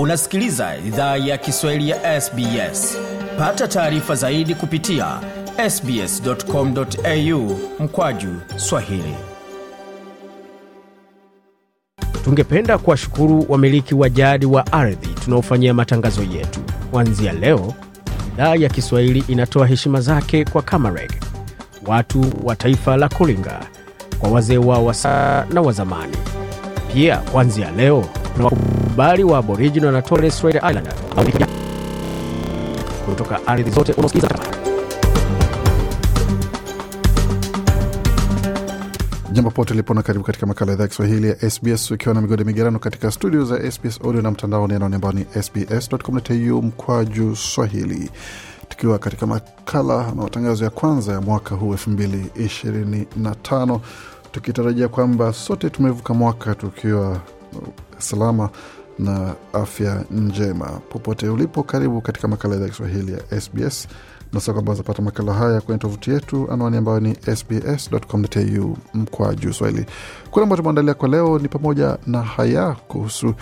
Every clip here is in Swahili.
unasikiliza idhaa ya kiswahili ya sbs pata taarifa zaidi kupitia sbscomau mkwaju swahili tungependa kuwashukuru wamiliki wa jadi wa ardhi tunaofanyia matangazo yetu kuanzia leo idhaa ya kiswahili inatoa heshima zake kwa kamareg watu wa taifa la kulinga kwa wazee wao wa saa na wazamani pia kuanzia leo habari wa Aboriginal na Torres Strait Islander kutoka ardhi zote unaosikiza jambo pote lipona. Karibu katika makala ya idhaa ya Kiswahili ya SBS ukiwa na migodi migerano katika studio za SBS audio na mtandao anaoni ambao ni sbs.com.au mkwaju swahili tukiwa katika makala na matangazo ya kwanza ya mwaka huu 2025 tukitarajia kwamba sote tumevuka mwaka tukiwa salama na afya njema popote ulipo. Karibu katika makala idha Kiswahili ya SBS na kwamba zapata makala haya kwenye tovuti yetu, anwani ambayo ni sbscu mkwa juu swahili. Kuna ambao tumeandalia kwa leo ni pamoja na haya kuhusu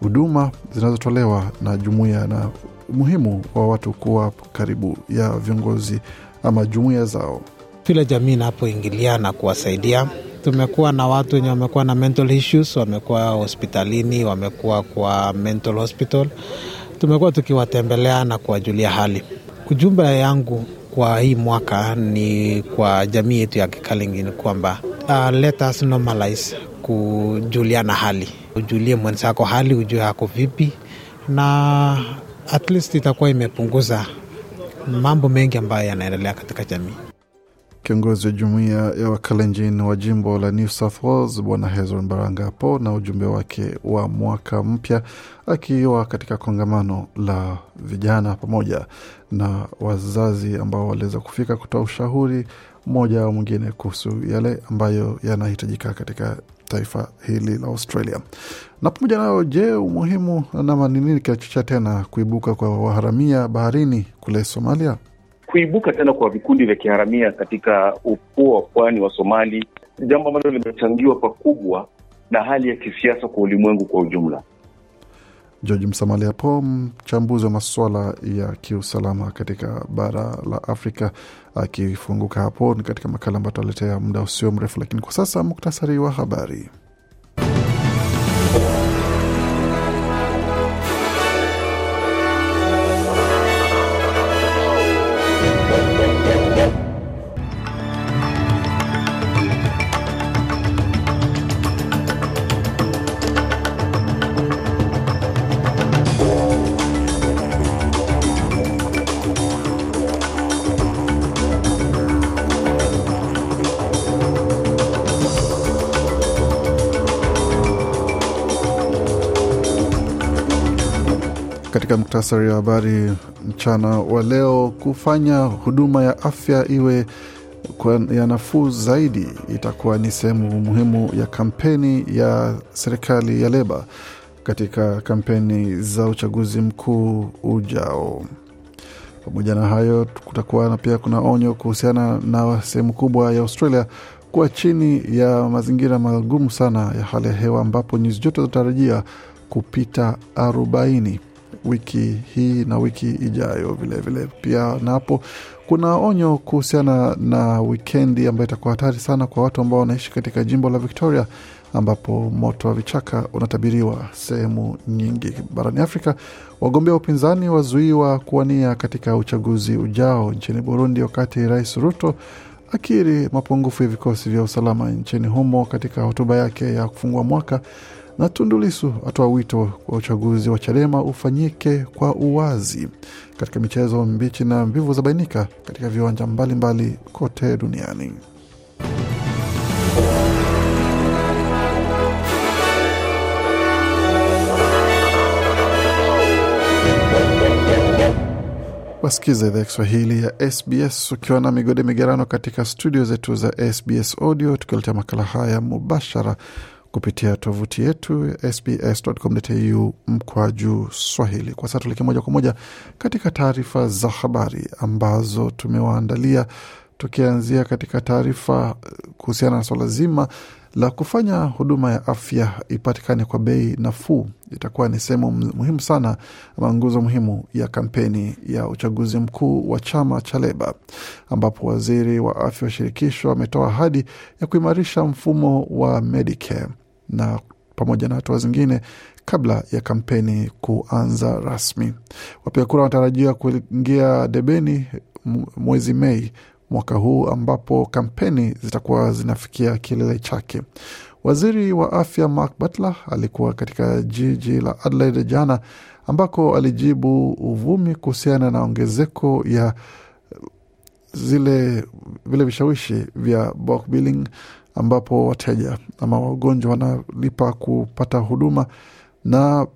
huduma zinazotolewa na jumuiya na umuhimu wa watu kuwa karibu ya viongozi ama jumuiya zao, vile jamii inapoingiliana kuwasaidia tumekuwa na watu wenye wamekuwa na mental issues, wamekuwa hospitalini, wamekuwa kwa mental hospital. Tumekuwa tukiwatembelea na kuwajulia hali. Ujumbe yangu kwa hii mwaka ni kwa jamii yetu ya Kikalenjin kwamba uh, let us normalize kujuliana hali, ujulie mwenzako hali, ujue hako vipi, na at least itakuwa imepunguza mambo mengi ambayo yanaendelea katika jamii. Kiongozi wa jumuiya ya Wakalenjin wa jimbo la New South Wales Bwana Hezron Barangapo na ujumbe wake wa mwaka mpya, akiwa katika kongamano la vijana pamoja na wazazi ambao waliweza kufika kutoa ushauri mmoja au mwingine kuhusu yale ambayo yanahitajika katika taifa hili la Australia. Na pamoja nayo, je, umuhimu nama ni nini kinachochea tena kuibuka kwa waharamia baharini kule Somalia? kuibuka tena kwa vikundi vya kiharamia katika ufuo wa pwani wa Somali, jambo ambalo limechangiwa pakubwa na hali ya kisiasa kwa ulimwengu kwa ujumla. George Msamali hapo, mchambuzi wa masuala ya kiusalama katika bara la Afrika akifunguka hapo katika makala ambayo taletea muda usio mrefu, lakini kwa sasa muktasari wa habari. katika muktasari wa habari mchana wa leo, kufanya huduma ya afya iwe ya nafuu zaidi itakuwa ni sehemu muhimu ya kampeni ya serikali ya Leba katika kampeni za uchaguzi mkuu ujao. Pamoja na hayo, kutakuwa na pia kuna onyo kuhusiana na sehemu kubwa ya Australia kuwa chini ya mazingira magumu sana ya hali ya hewa ambapo nyuzi joto zinatarajia kupita arobaini wiki hii na wiki ijayo vilevile vile. Pia napo kuna onyo kuhusiana na wikendi ambayo itakuwa hatari sana kwa watu ambao wanaishi katika jimbo la Victoria ambapo moto wa vichaka unatabiriwa sehemu nyingi barani Afrika. Wagombea upinzani wazuiwa kuwania katika uchaguzi ujao nchini Burundi, wakati Rais Ruto akiri mapungufu ya vikosi vya usalama nchini humo katika hotuba yake ya kufungua mwaka na Tundu Lissu atoa wito kwa uchaguzi wa Chadema ufanyike kwa uwazi. Katika michezo, mbichi na mbivu zabainika katika viwanja mbalimbali mbali kote duniani. Wasikiza idhaa ya Kiswahili ya SBS ukiwa na migode migerano katika studio zetu za SBS Audio, tukiletea makala haya mubashara kupitia tovuti yetu sbs.com.au mkwaju swahili. Kwa sasa tulekee moja kwa moja katika taarifa za habari ambazo tumewaandalia, tukianzia katika taarifa kuhusiana na swala zima la kufanya huduma ya afya ipatikane kwa bei nafuu itakuwa ni sehemu muhimu sana ama nguzo muhimu ya kampeni ya uchaguzi mkuu wa chama cha Leba, ambapo waziri wa afya wa shirikisho ametoa ahadi ya kuimarisha mfumo wa Medicare na pamoja na hatua zingine kabla ya kampeni kuanza rasmi. Wapiga kura wanatarajiwa kuingia debeni mwezi Mei mwaka huu ambapo kampeni zitakuwa zinafikia kilele chake. Waziri wa afya Mark Butler alikuwa katika jiji la Adelaide jana, ambako alijibu uvumi kuhusiana na ongezeko ya zile vile vishawishi vya bulk billing ambapo wateja ama wagonjwa wanalipa kupata huduma, na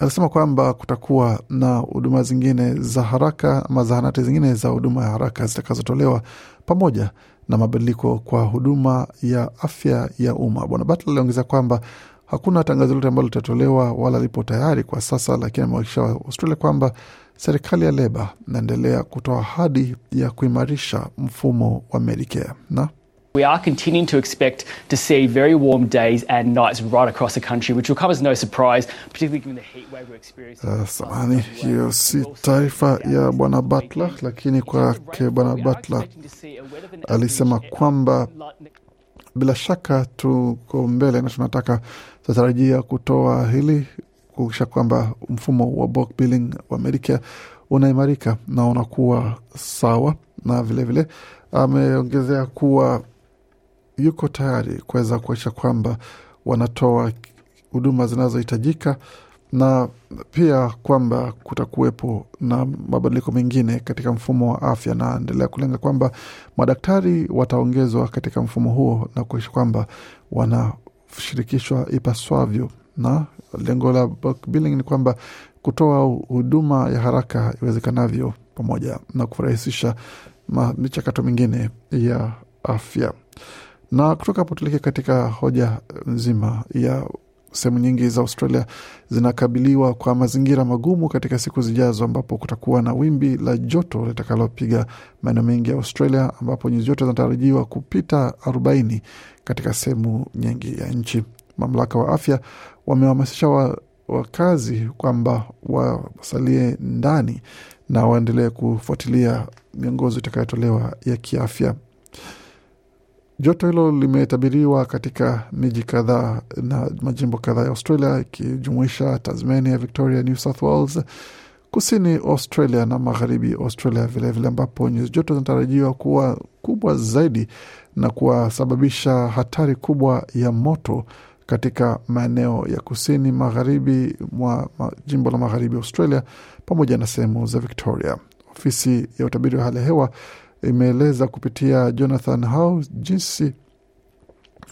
alisema kwamba kutakuwa na huduma zingine za haraka ama zahanati zingine za huduma ya haraka zitakazotolewa pamoja na mabadiliko kwa huduma ya afya ya umma. Bwana Batl aliongeza kwamba hakuna tangazo lote ambalo litatolewa wala lipo tayari kwa sasa, lakini amewakikisha Australia kwamba serikali ya Leba inaendelea kutoa ahadi ya kuimarisha mfumo wa Medicare na We are continuing to expect to see very warm days and nights right across the country, which will come as no surprise, particularly given the heat wave we're experiencing. Uh, samani hiyo si taarifa ya bwana Butler, lakini kwake bwana Butler alisema kwamba bila shaka tuko mbele na tunataka tunatarajia kutoa hili kuhakikisha kwamba mfumo wa bulk billing wa Medicare unaimarika na unakuwa sawa, na vilevile ameongezea kuwa yuko tayari kuweza kuakisha kwamba wanatoa huduma zinazohitajika na pia kwamba kutakuwepo na mabadiliko mengine katika mfumo wa afya, na endelea kulenga kwamba madaktari wataongezwa katika mfumo huo na kuakisha kwamba wanashirikishwa ipaswavyo, na lengo la bulk billing ni kwamba kutoa huduma ya haraka iwezekanavyo pamoja na kurahisisha michakato mingine ya afya. Na kutoka hapo tuelekee katika hoja nzima ya sehemu nyingi za Australia zinakabiliwa kwa mazingira magumu katika siku zijazo, ambapo kutakuwa na wimbi la joto litakalopiga maeneo mengi ya Australia, ambapo nyuzi joto zinatarajiwa kupita 40 katika sehemu nyingi ya nchi. Mamlaka wa afya wamewahamasisha wa wakazi kwamba wasalie ndani na waendelee kufuatilia miongozo itakayotolewa ya kiafya. Joto hilo limetabiriwa katika miji kadhaa na majimbo kadhaa ya Australia ikijumuisha Tasmania, Victoria, New South Wales, kusini Australia na magharibi Australia vilevile, ambapo nyuzi joto zinatarajiwa kuwa kubwa zaidi na kuwasababisha hatari kubwa ya moto katika maeneo ya kusini magharibi mwa jimbo la magharibi Australia pamoja na sehemu za Victoria. Ofisi ya utabiri wa hali ya hewa imeeleza kupitia Jonathan Howe jinsi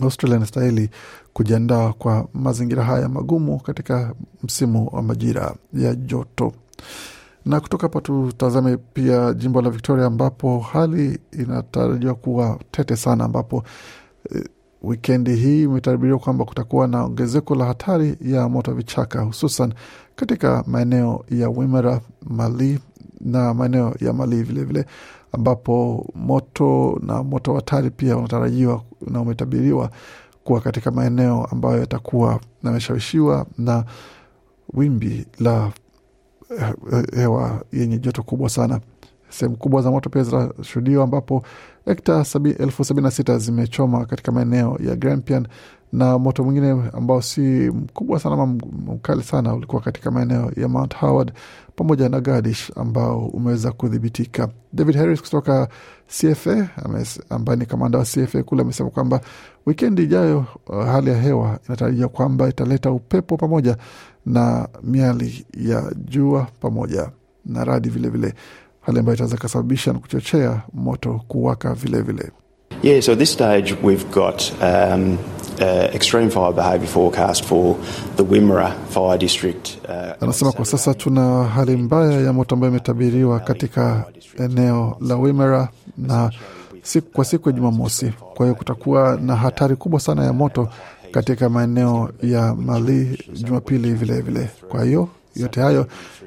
Australia inastahili kujiandaa kwa mazingira haya magumu katika msimu wa majira ya joto. Na kutoka hapa tutazame pia jimbo la Victoria, ambapo hali inatarajiwa kuwa tete sana, ambapo e, wikendi hii imetabiriwa kwamba kutakuwa na ongezeko la hatari ya moto vichaka, hususan katika maeneo ya Wimmera, mali na maeneo ya mali vilevile ambapo moto na moto hatari pia unatarajiwa na umetabiriwa kuwa katika maeneo ambayo yatakuwa yameshawishiwa na wimbi la hewa yenye joto kubwa sana. Sehemu kubwa za moto pia zinashuhudiwa ambapo hekta elfu sabini na sita zimechoma katika maeneo ya Grampian na moto mwingine ambao si mkubwa sana ama mkali sana ulikuwa katika maeneo ya Mount Howard pamoja na Gadish ambao umeweza kudhibitika. David Harris kutoka CFA ambaye ni kamanda wa CFA kule amesema kwamba wikendi ijayo uh, hali ya hewa inatarajia kwamba italeta upepo pamoja na miali ya jua pamoja na radi vilevile vile hali ambayo itaweza ikasababisha na kuchochea moto kuwaka vilevile vile. Yeah, so at this stage we've got um, uh, extreme fire forecast for the Wimmera Fire District. Uh, anasema kwa sasa tuna hali mbaya ya moto ambayo imetabiriwa katika eneo la Wimmera na siku kwa siku ya Jumamosi. Kwa hiyo kutakuwa na hatari kubwa sana ya moto katika maeneo ya Mali Jumapili vilevile. Kwa hiyo yote hayo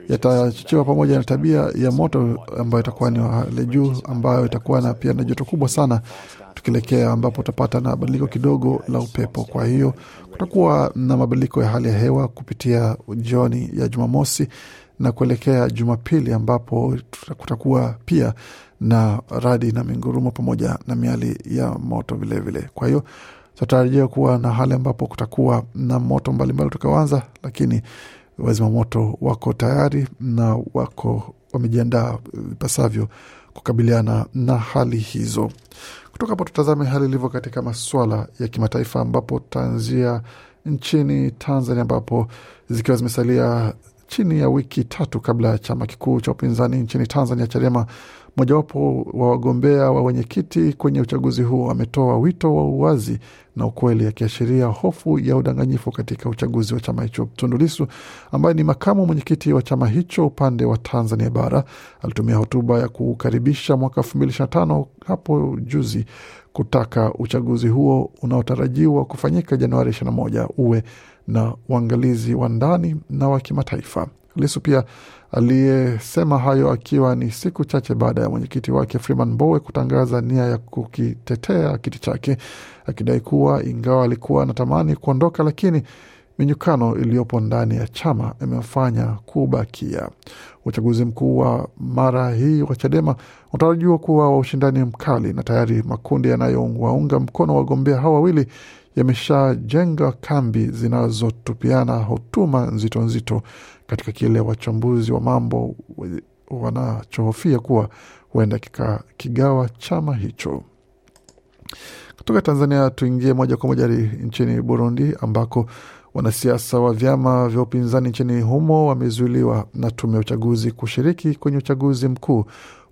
yatachochewa pamoja na tabia ya moto ambayo itakuwa ni hali juu, ambayo itakuwa na pia na joto kubwa sana, tukielekea ambapo utapata na badiliko kidogo la upepo. Kwa hiyo kutakuwa na mabadiliko ya hali ya hewa kupitia jioni ya Jumamosi na kuelekea Jumapili ambapo kutakuwa pia na radi na mingurumo pamoja na miali ya moto vilevile vile. Kwa hiyo tunatarajia kuwa na hali ambapo kutakuwa na moto mbalimbali tukaanza lakini wazimamoto wako tayari na wako wamejiandaa ipasavyo kukabiliana na hali hizo. Kutoka hapo tutazame hali ilivyo katika masuala ya kimataifa, ambapo tutaanzia nchini Tanzania, ambapo zikiwa zimesalia chini ya wiki tatu kabla ya chama kikuu cha upinzani nchini Tanzania, Chadema Mojawapo wa wagombea wa wenyekiti kwenye uchaguzi huo ametoa wito wa uwazi na ukweli, akiashiria hofu ya udanganyifu katika uchaguzi wa chama hicho. Tundulisu ambaye ni makamu mwenyekiti wa chama hicho upande wa Tanzania Bara alitumia hotuba ya kukaribisha mwaka elfu mbili ishirini na tano hapo juzi kutaka uchaguzi huo unaotarajiwa kufanyika Januari 21 uwe na uangalizi wa ndani na wa kimataifa. Lisu pia aliyesema hayo akiwa ni siku chache baada ya mwenyekiti wake Freeman Mbowe kutangaza nia ya kukitetea kiti chake, akidai kuwa ingawa alikuwa anatamani kuondoka, lakini minyukano iliyopo ndani ya chama imefanya kubakia. Uchaguzi mkuu wa mara hii wa Chadema unatarajiwa kuwa wa ushindani mkali, na tayari makundi yanayowaunga mkono wagombea hawa wawili yameshajenga kambi zinazotupiana hotuma nzito nzito katika kile wachambuzi wa mambo wanachohofia kuwa huenda kikagawa chama hicho. Kutoka Tanzania tuingie moja kwa moja nchini Burundi ambako wanasiasa wa vyama vya upinzani nchini humo wamezuiliwa na tume ya uchaguzi kushiriki kwenye uchaguzi mkuu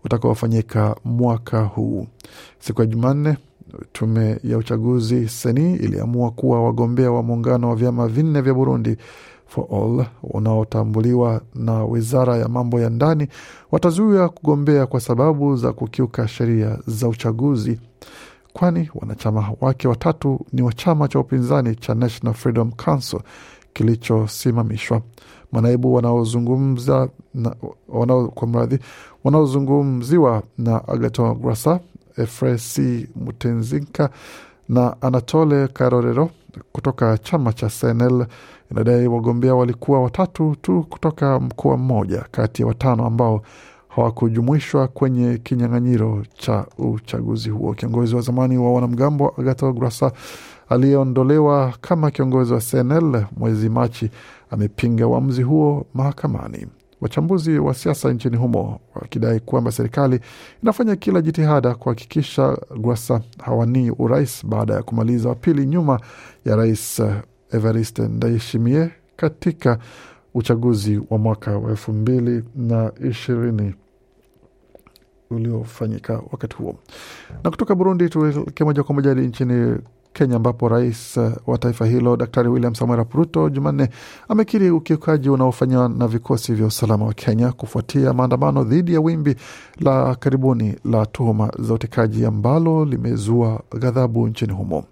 utakaofanyika mwaka huu. Siku ya Jumanne, tume ya uchaguzi seni iliamua kuwa wagombea wa muungano wa vyama vinne vya Burundi for All unaotambuliwa na wizara ya mambo ya ndani watazuia kugombea kwa sababu za kukiuka sheria za uchaguzi, kwani wanachama wake watatu ni wa chama cha upinzani cha National Freedom Council kilichosimamishwa. Manaibu kwa mradhi wanaozungumziwa na Agaton Grasa, Efresi Mutenzinka na Anatole Karorero kutoka chama cha CNL Inadai wagombea walikuwa watatu tu kutoka mkoa mmoja kati ya watano ambao hawakujumuishwa kwenye kinyang'anyiro cha uchaguzi huo. Kiongozi wa zamani wa wanamgambo agato grasa aliyeondolewa kama kiongozi wa CNL mwezi Machi amepinga uamuzi huo mahakamani. Wachambuzi wa siasa nchini humo wakidai kwamba serikali inafanya kila jitihada kuhakikisha Gwasa hawanii urais baada ya kumaliza wapili nyuma ya rais Evariste Ndayishimiye katika uchaguzi wa mwaka wa elfu mbili na ishirini uliofanyika wakati huo. Na kutoka Burundi tuelekee moja kwa moja hadi nchini Kenya ambapo rais eh, wa taifa hilo Daktari William Samoei Ruto Jumanne amekiri ukiukaji unaofanywa na vikosi vya usalama wa Kenya kufuatia maandamano dhidi ya wimbi la karibuni la tuhuma za utekaji ambalo limezua ghadhabu nchini humo.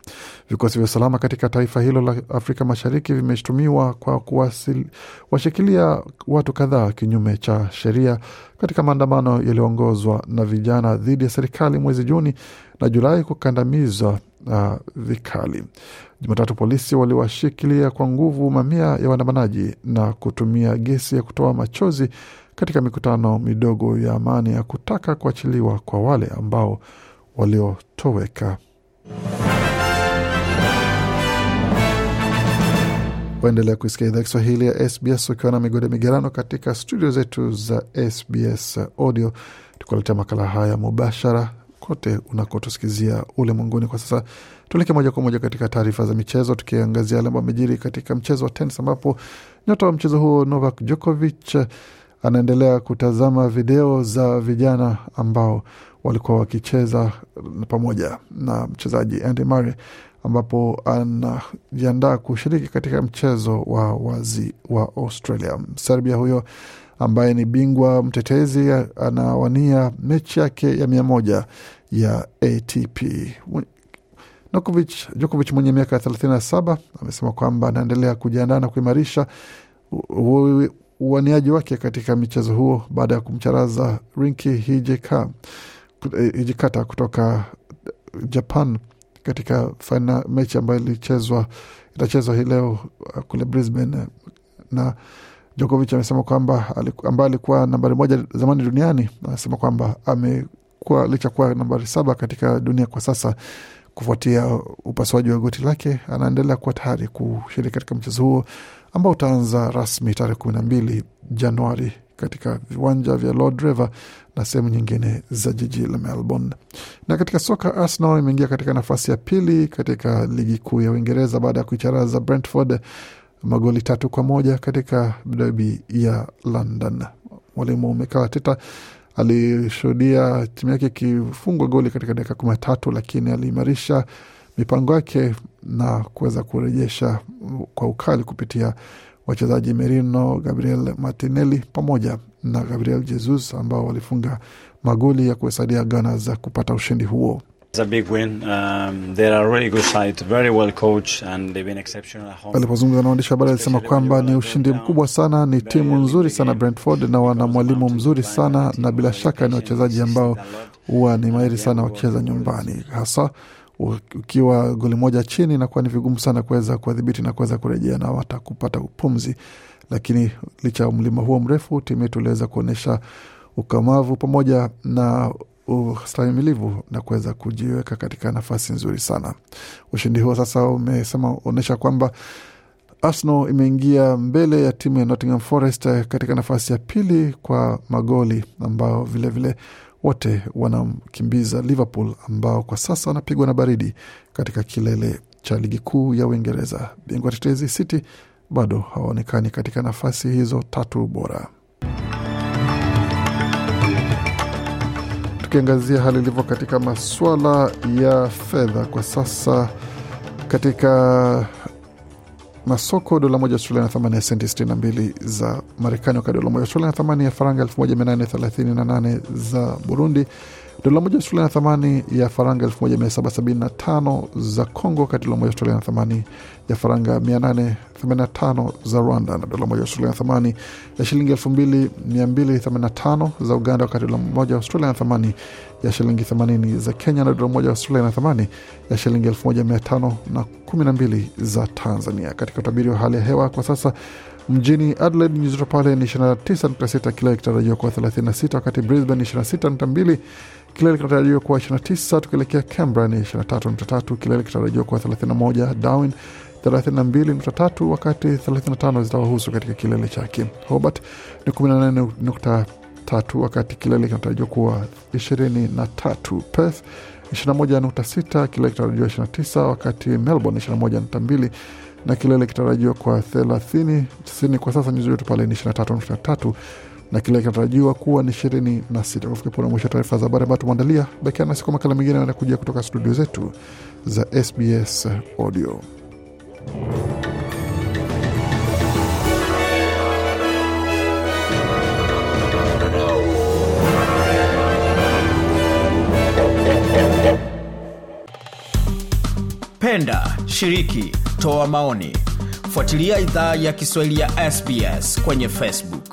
Vikosi vya usalama katika taifa hilo la Afrika Mashariki vimeshutumiwa kwa kuwashikilia watu kadhaa kinyume cha sheria katika maandamano yaliyoongozwa na vijana dhidi ya serikali mwezi Juni na Julai kukandamizwa uh, ah, vikali. Jumatatu polisi waliwashikilia kwa nguvu mamia ya waandamanaji na kutumia gesi ya kutoa machozi katika mikutano midogo ya amani ya kutaka kuachiliwa kwa wale ambao waliotoweka. Waendelea kuisikia idhaa Kiswahili ya SBS ukiwa na migode migerano katika studio zetu za SBS Audio, tukuletea makala haya mubashara kote unakotusikizia ulimwenguni kwa sasa. Tuelekee moja kwa moja katika taarifa za michezo, tukiangazia yale ambayo amejiri katika mchezo wa tenis, ambapo nyota wa mchezo huo Novak Djokovic anaendelea kutazama video za vijana ambao walikuwa wakicheza pamoja na mchezaji Andy Murray ambapo anajiandaa kushiriki katika mchezo wa wazi wa Australia. Serbia huyo ambaye ni bingwa mtetezi anawania mechi yake ya mia moja ya ATP. Djokovic, mwenye miaka 37 amesema kwamba anaendelea kujiandaa na kuimarisha uaniaji wake katika michezo huo baada ya kumcharaza Rinki eh, Hijikata kutoka eh, Japan katika final mechi ambayo ilichezwa itachezwa hii leo eh, kule Brisbane. Na Djokovic amesema kwamba ambaye alikuwa nambari moja zamani duniani, anasema kwamba ame kuwa licha kuwa nambari saba katika dunia kwa sasa kufuatia upasuaji wa goti lake, anaendelea kuwa tayari kushiriki katika mchezo huo ambao utaanza rasmi tarehe kumi na mbili Januari katika viwanja vya Lord River na sehemu nyingine za jiji la Melbourne. Na katika soka, Arsenal imeingia katika nafasi ya pili katika ligi kuu ya Uingereza baada ya kuicharaza Brentford magoli tatu kwa moja katika derby ya London. Mwalimu Mikel Arteta alishuhudia timu yake ikifungwa goli katika dakika kumi na tatu, lakini aliimarisha mipango yake na kuweza kurejesha kwa ukali kupitia wachezaji Merino, Gabriel Martinelli pamoja na Gabriel Jesus ambao walifunga magoli ya ghana za kupata ushindi huo. Um, Alipozungumza na waandishi habari alisema kwamba ni ushindi mkubwa sana, ni timu nzuri sana Brentford, na wana mwalimu mzuri sana, na bila shaka ni wachezaji ambao huwa ni mahiri sana wakicheza nyumbani, hasa ukiwa goli moja chini, inakuwa ni vigumu sana kuweza kuwadhibiti na kuweza kurejea na hata kupata upumzi. Lakini licha ya mlima huo mrefu, timu yetu iliweza kuonyesha ukamavu pamoja na ustahimilivu na kuweza kujiweka katika nafasi nzuri sana. Ushindi huo sasa umesema onyesha kwamba Arsenal imeingia mbele ya timu ya Nottingham Forest eh, katika nafasi ya pili kwa magoli, ambao vilevile wote wanamkimbiza Liverpool ambao kwa sasa wanapigwa na baridi katika kilele cha ligi kuu ya Uingereza. Bingwa tetezi City bado hawaonekani katika nafasi hizo tatu bora. tukiangazia hali ilivyo katika masuala ya fedha kwa sasa katika masoko dola moja Australia na thamani ya senti 62 za Marekani, wakati dola moja Australia na thamani ya faranga 1838 za Burundi, Dola moja Australia na thamani ya faranga 1775 za Congo, wakati dola moja Australia na thamani ya faranga 885 za Rwanda, na dola moja Australia na thamani ya shilingi 2285 za Uganda, wakati dola moja Australia na thamani ya shilingi 80 za Kenya, na dola moja Australia na thamani ya shilingi 1512 za Tanzania. Katika utabiri wa hali ya hewa kwa sasa Mjini Adelaide nyuzi joto pale ni 29.6, kila ikitarajiwa kuwa 36, wakati Brisbane 26.2 kilele kinatarajiwa kuwa 29, tukielekea Canberra ni 23.3, kilele kinatarajiwa kuwa 31, Darwin 32.3 wakati 35 zitawahusu katika kilele chake. Hobart ni 18.3 wakati kilele kinatarajiwa kuwa 23. Perth 21.6 kilele kinatarajiwa 29 wakati Melbourne 21.2 na kilele kitarajiwa kwa 30. Sydney kwa sasa nyuzi joto pale ni 23.3 na kile kinatarajiwa kuwa ni ishirini na sita. Kufika pona mwisho taarifa za habari ambayo tumeandalia. Bakia nasi kwa makala mengine yanakuja kutoka studio zetu za SBS Audio. Penda, shiriki, toa maoni, fuatilia idhaa ya Kiswahili ya SBS kwenye Facebook.